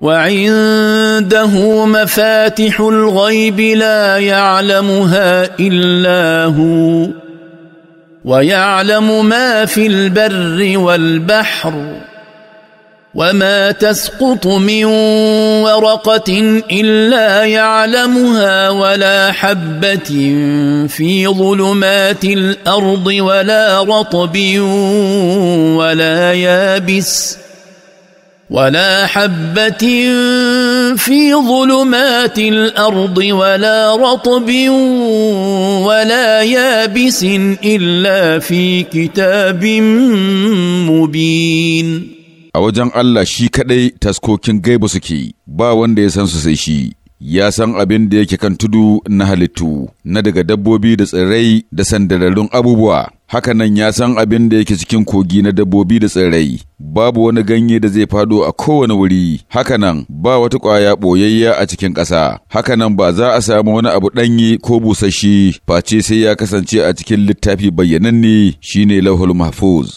وعنده مفاتح الغيب لا يعلمها الا هو ويعلم ما في البر والبحر وما تسقط من ورقه الا يعلمها ولا حبه في ظلمات الارض ولا رطب ولا يابس ولا حبة في ظلمات الأرض ولا رطب ولا يابس إلا في كتاب مبين a wajen Allah shi kaɗai taskokin gaibu suke ba wanda ya san su sai shi ya san abin da yake kan tudu na halittu na daga dabbobi da tsirrai da sandararrun abubuwa haka nan ya san abin da yake cikin kogi na dabbobi da tsirrai, babu wani ganye da zai fado a kowane wuri, haka nan ba wata ƙwaya ɓoyayya a cikin ƙasa, haka nan ba za a samu wani abu ɗanyi ko busasshe face sai ya kasance a cikin littafi bayyananne shine lauhul mahfuz.